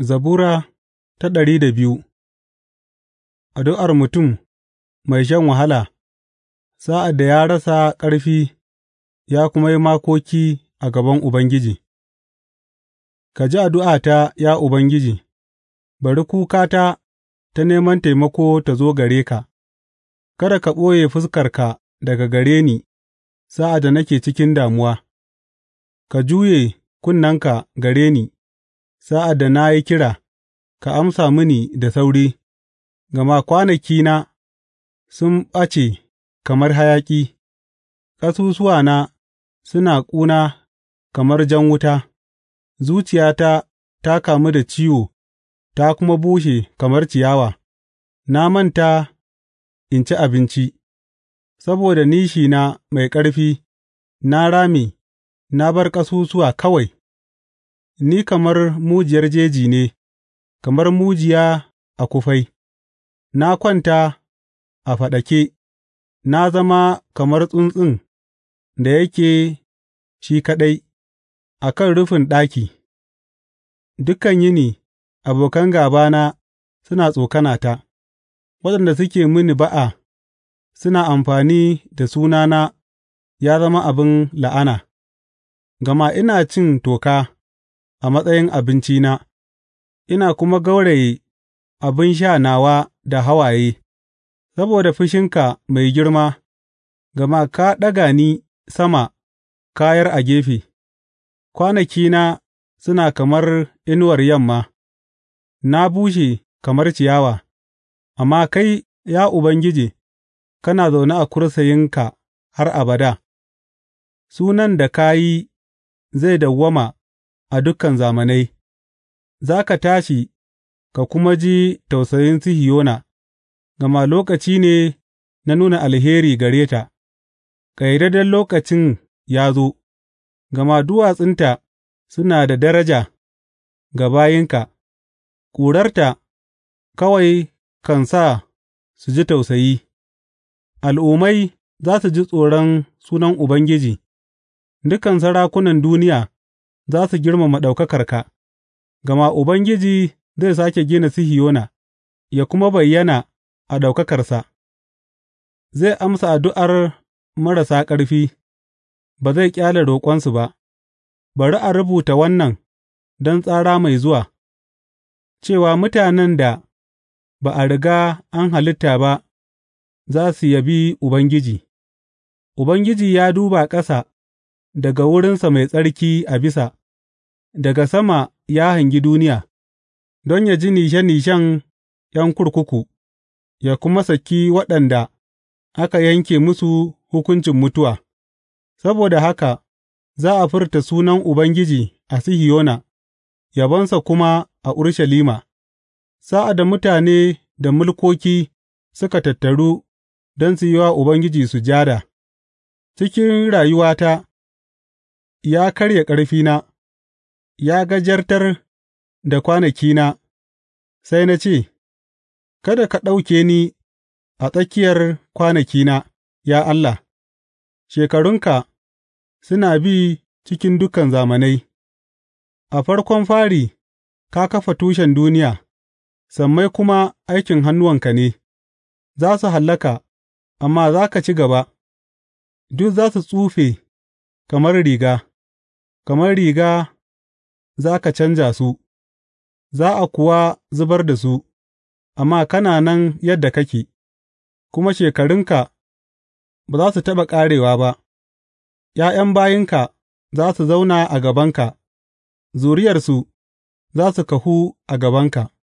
Zabura ta ɗari da biyu Addu'ar mutum mai shan wahala sa'ad da ya rasa ƙarfi ya kuma yi makoki a gaban Ubangiji Ka ji addu'ata, ya Ubangiji, bari kukata ta neman taimako ta zo gare ka; kada ka ɓoye fuskarka daga gare ni sa'ad da nake cikin damuwa; ka juye kunnenka gare ni. Sa'ad da na yi kira, ka amsa mini da sauri, gama kwanakina sun ɓace kamar hayaƙi, ƙasusuwana suna ƙuna kamar jan wuta, zuciyata ta kamu da ciwo ta kuma bushe kamar ciyawa, na manta in ci abinci, saboda nishina mai ƙarfi na rami na bar ƙasusuwa kawai. Ni kamar mujiyar jeji ne, kamar mujiya a kufai; na kwanta a faɗake, na zama kamar tsuntsun da yake shi kaɗai a kan rufin ɗaki; dukan yini abokan gābana suna tsokanata, waɗanda suke mini ba'a suna amfani da sunana ya zama abin la'ana, gama ina cin toka. a matsayin abincina ina kuma gauraye abin sha nawa da hawaye saboda fushinka mai girma, gama ka ɗaga ni sama kayar a gefe, kwanakina suna kamar inuwar yamma, na bushe kamar ciyawa, amma kai, ya Ubangiji, kana zaune a kursayinka har abada, sunan da ka yi zai dawwama a dukan zamanai; za ka tashi ka kuma ji tausayin Sihiyona, gama lokaci ne na nuna alheri gare ta, ƙayyadadden lokacin ya zo, gama duwatsunta suna da daraja ga bayinka, ƙurarta kawai kan sa su ji tausayi; al'ummai za su ji tsoron sunan Ubangiji, dukan sarakunan duniya. za su girmama ɗaukakarka, gama Ubangiji zai sāke gina Sihiyona ya kuma bayyana a ɗaukakarsa; zai amsa addu'ar marasa ƙarfi, ba zai ƙyale roƙonsu ba, bari a rubuta wannan don tsara mai zuwa, cewa mutanen da ba a riga an halitta ba za su yabi Ubangiji; Ubangiji ya duba ƙasa daga wurinsa mai tsarki a bisa. daga sama ya hangi duniya, don yă ji nishe nishen ’yan kurkuku, ya kuma saki waɗanda aka yanke musu hukuncin mutuwa, saboda haka za a furta sunan Ubangiji a Sihiyona, yabonsa kuma a Urushalima, sa'ad da mutane da mulkoki suka tattaru don su yi wa Ubangiji sujada, cikin rayuwata ya karya ƙarfina. ya gajartar da kwanakina, sai na ce, Kada ka ɗauke ni a tsakiyar kwanakina, ya Allah, shekarunka suna bi cikin dukan zamanai, a farkon fari ka kafa tushen duniya, sammai kuma aikin hannuwanka ne, za su hallaka, amma za ka ci gaba, duk za su tsufe kamar riga, kamar riga za ka canja su, za a kuwa zubar da su, amma kana nan yadda kake, kuma shekarunka ba za su taɓa ƙarewa ba, ’ya'yan bayinka za su zauna a gabanka, zuriyarsu za su kahu a gabanka.